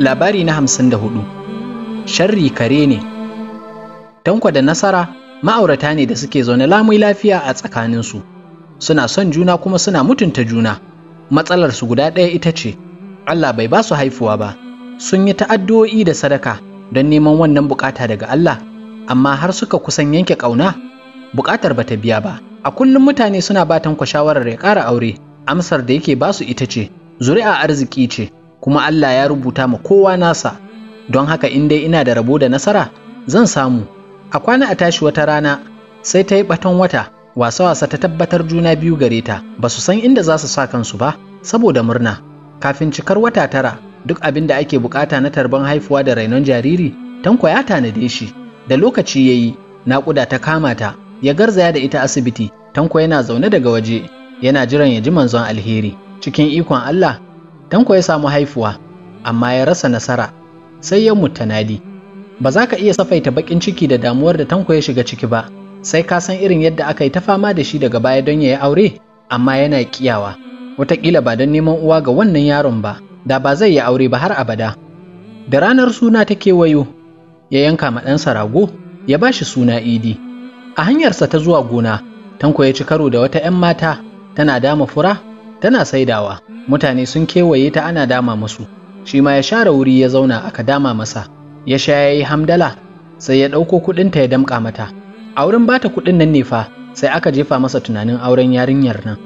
labari na hamsin da hudu sharri kare ne tanko da nasara ma'aurata ne da suke zaune lamai lafiya a tsakaninsu suna son juna kuma suna mutunta juna matsalar su guda ɗaya ita ce allah bai ba su haifuwa ba sun yi ta'addo'i da sadaka don neman wannan bukata daga allah amma har suka kusan yanke ƙauna bukatar bata biya ba a kullum mutane suna ba tanko shawarar ya ƙara aure amsar da yake ba su ita ce zuri'a arziki ce kuma Allah ya rubuta ma kowa nasa don haka in dai ina da rabo da nasara zan samu a kwana a tashi wata rana sai ta yi baton wata wasa-wasa ta tabbatar juna biyu gare ta ba su san inda za su sa kansu ba saboda murna kafin cikar wata tara duk abin da ake bukata na tarban haifuwa da rainon jariri tanko ya tanade shi da lokaci ya yi naƙuda ta kama ta ya garzaya da ita asibiti tanko yana zaune daga waje yana jiran ya ji manzon alheri cikin ikon Allah Tanko ya samu haifuwa, amma ya rasa nasara, sai ya mutu mutanadi. Ba za ka iya safaita baƙin ciki da damuwar da Tanko ya shiga ciki ba, sai ka san irin yadda aka yi ta fama da shi daga baya don ya yi aure, amma yana kiyawa. Wataƙila ba don neman uwa ga wannan yaron ba, da ba zai yi aure ba har abada. Da ranar suna ta kewayo, ya yanka ma ɗansa rago, ya ba shi suna idi. A hanyarsa ta zuwa gona, Tanko ya ci karo da wata ‘yan mata tana dama fura tana saidawa mutane sun kewaye ta ana dama musu shi ma ya share wuri ya zauna aka dama masa ya sha ya yi hamdala sai ya ɗauko kuɗinta ya damƙa mata a wurin bata kuɗin nan ne fa sai aka jefa masa tunanin auren yarinyar nan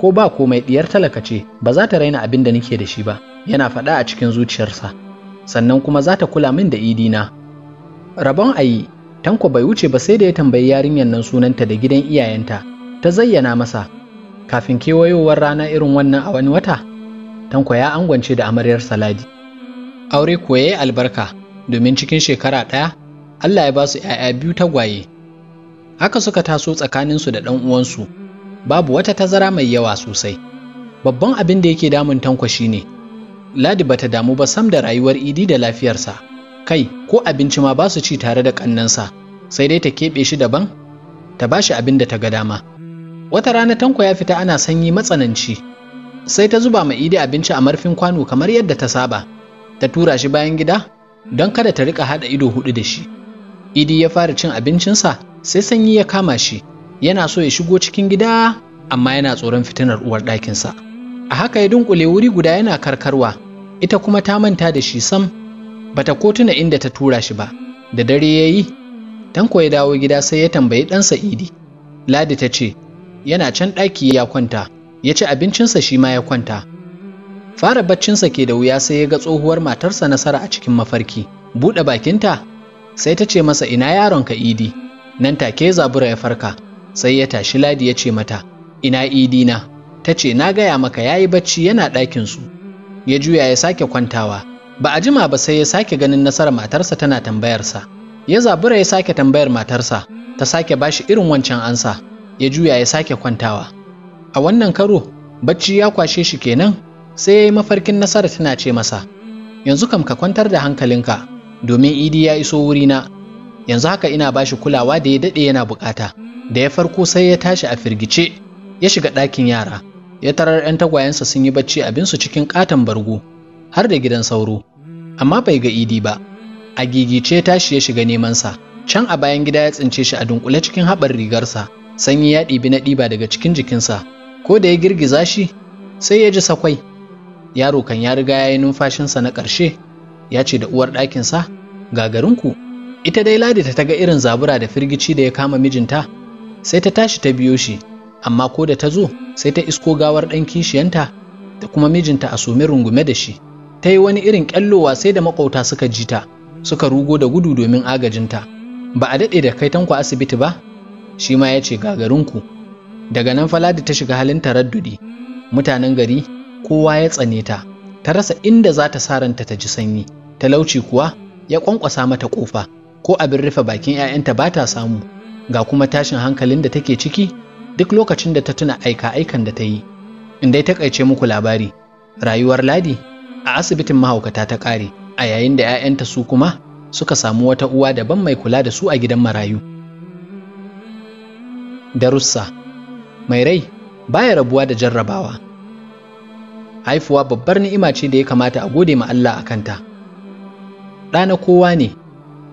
ko ba komai ɗiyar talaka ce ba za ta raina abin da nake da shi ba yana faɗa a cikin zuciyarsa sannan kuma za ta kula min da idina rabon ayi tanko bai wuce ba sai da ya tambayi yarinyar nan sunanta da gidan iyayenta ta zayyana masa kafin kewayowar rana irin wannan a wani wata tanko ya angwance da amaryar saladi aure kuwa ya albarka domin cikin shekara ɗaya allah ya ba su 'ya'ya biyu tagwaye haka suka taso tsakaninsu da ɗan uwansu babu wata tazara mai yawa sosai babban abin da yake damun tanko shine ladi bata damu ba sam da rayuwar idi da lafiyarsa kai ko abinci ma ba su ci tare da ƙannansa sai dai ta keɓe shi daban ta ba shi abin da ta ga dama wata rana tanko ya fita ana sanyi matsananci sai ta zuba ma idi abinci a marfin kwano kamar yadda ta saba ta tura shi bayan gida don kada ta rika hada ido hudu da shi idi ya fara cin abincinsa sai sanyi ya kama shi yana so ya shigo cikin gida amma yana tsoron fitinar uwar ɗakinsa a haka ya dunkule wuri guda yana karkarwa ita kuma ta manta da shi sam bata ko tuna inda ta tura shi ba da dare ya yi tanko ya dawo gida sai ya tambayi ɗansa idi ladi ta ce yana can ɗaki ya kwanta ya ci abincinsa shi ma ya kwanta fara baccinsa ke da wuya sai ya ga tsohuwar matarsa nasara a cikin mafarki buɗe bakinta sai ta ce masa ina yaronka idi nan take zabura ya farka sai ya tashi ladi ya ce mata ina idi na ta ce na gaya maka ya yi bacci yana ɗakin su ya juya ya sake kwantawa ba a jima ba sai ya sake ganin nasara matarsa tana tambayarsa ya zabura ya sake tambayar matarsa ta sake bashi irin wancan ansa ya juya ya sake kwantawa a wannan karo bacci ya kwashe shi kenan sai ya yi mafarkin nasara tana ce masa yanzu kam ka kwantar da hankalinka domin idi ya iso wurina yanzu haka ina bashi kulawa da ya daɗe yana bukata da ya farko sai ya tashi a firgice ya shiga ɗakin yara ya tarar 'yan tagwayensa sun yi bacci abinsu cikin ƙaton bargo har da gidan sauro amma bai ga idi ba a gigice tashi ya shiga nemansa can a bayan gida ya tsince shi a dunkule cikin haɓar rigarsa sanyi ya ɗibi na ɗiba daga cikin jikinsa ko da ya girgiza shi sai ya ji sakwai yaro kan ya riga ya yi numfashinsa na ƙarshe ya ce da uwar ɗakinsa ga garinku ita dai ladi ta ga irin zabura da firgici da ya kama mijinta sai ta tashi ta biyo shi amma ko da ta zo sai ta isko gawar ɗan kishiyanta da kuma mijinta a sumi rungume da shi ta yi wani irin ƙyallowa sai da maƙwabta suka ji ta suka rugo da gudu domin agajinta ba a daɗe da kai tanko asibiti ba shi ma ya ce gagarinku daga nan faladi ta shiga halin taraddudi mutanen gari kowa ya tsane ta ta rasa inda za ta saranta ta ji sanyi talauci kuwa ya kwankwasa mata kofa ko abin rufe bakin 'ya'yanta ba ta samu ga kuma tashin hankalin da take ciki duk lokacin da ta tuna aika aikan da ta yi in dai takaice muku labari rayuwar ladi a asibitin mahaukata ta kare. a yayin da 'ya'yanta su kuma suka samu wata uwa daban mai kula da su a gidan marayu darussa mai rai baya rabuwa da jarrabawa haifuwa babbar ni'ima ce da ya kamata a gode ma Allah a kanta ɗa na kowa ne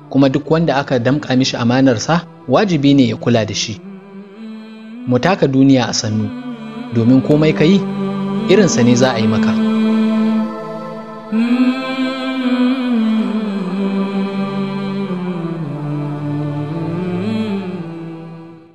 kuma duk wanda aka damƙa mishi amanarsa wajibi ne ya kula da shi mu taka duniya a sannu domin komai ka yi irinsa ne za a yi maka. Mm.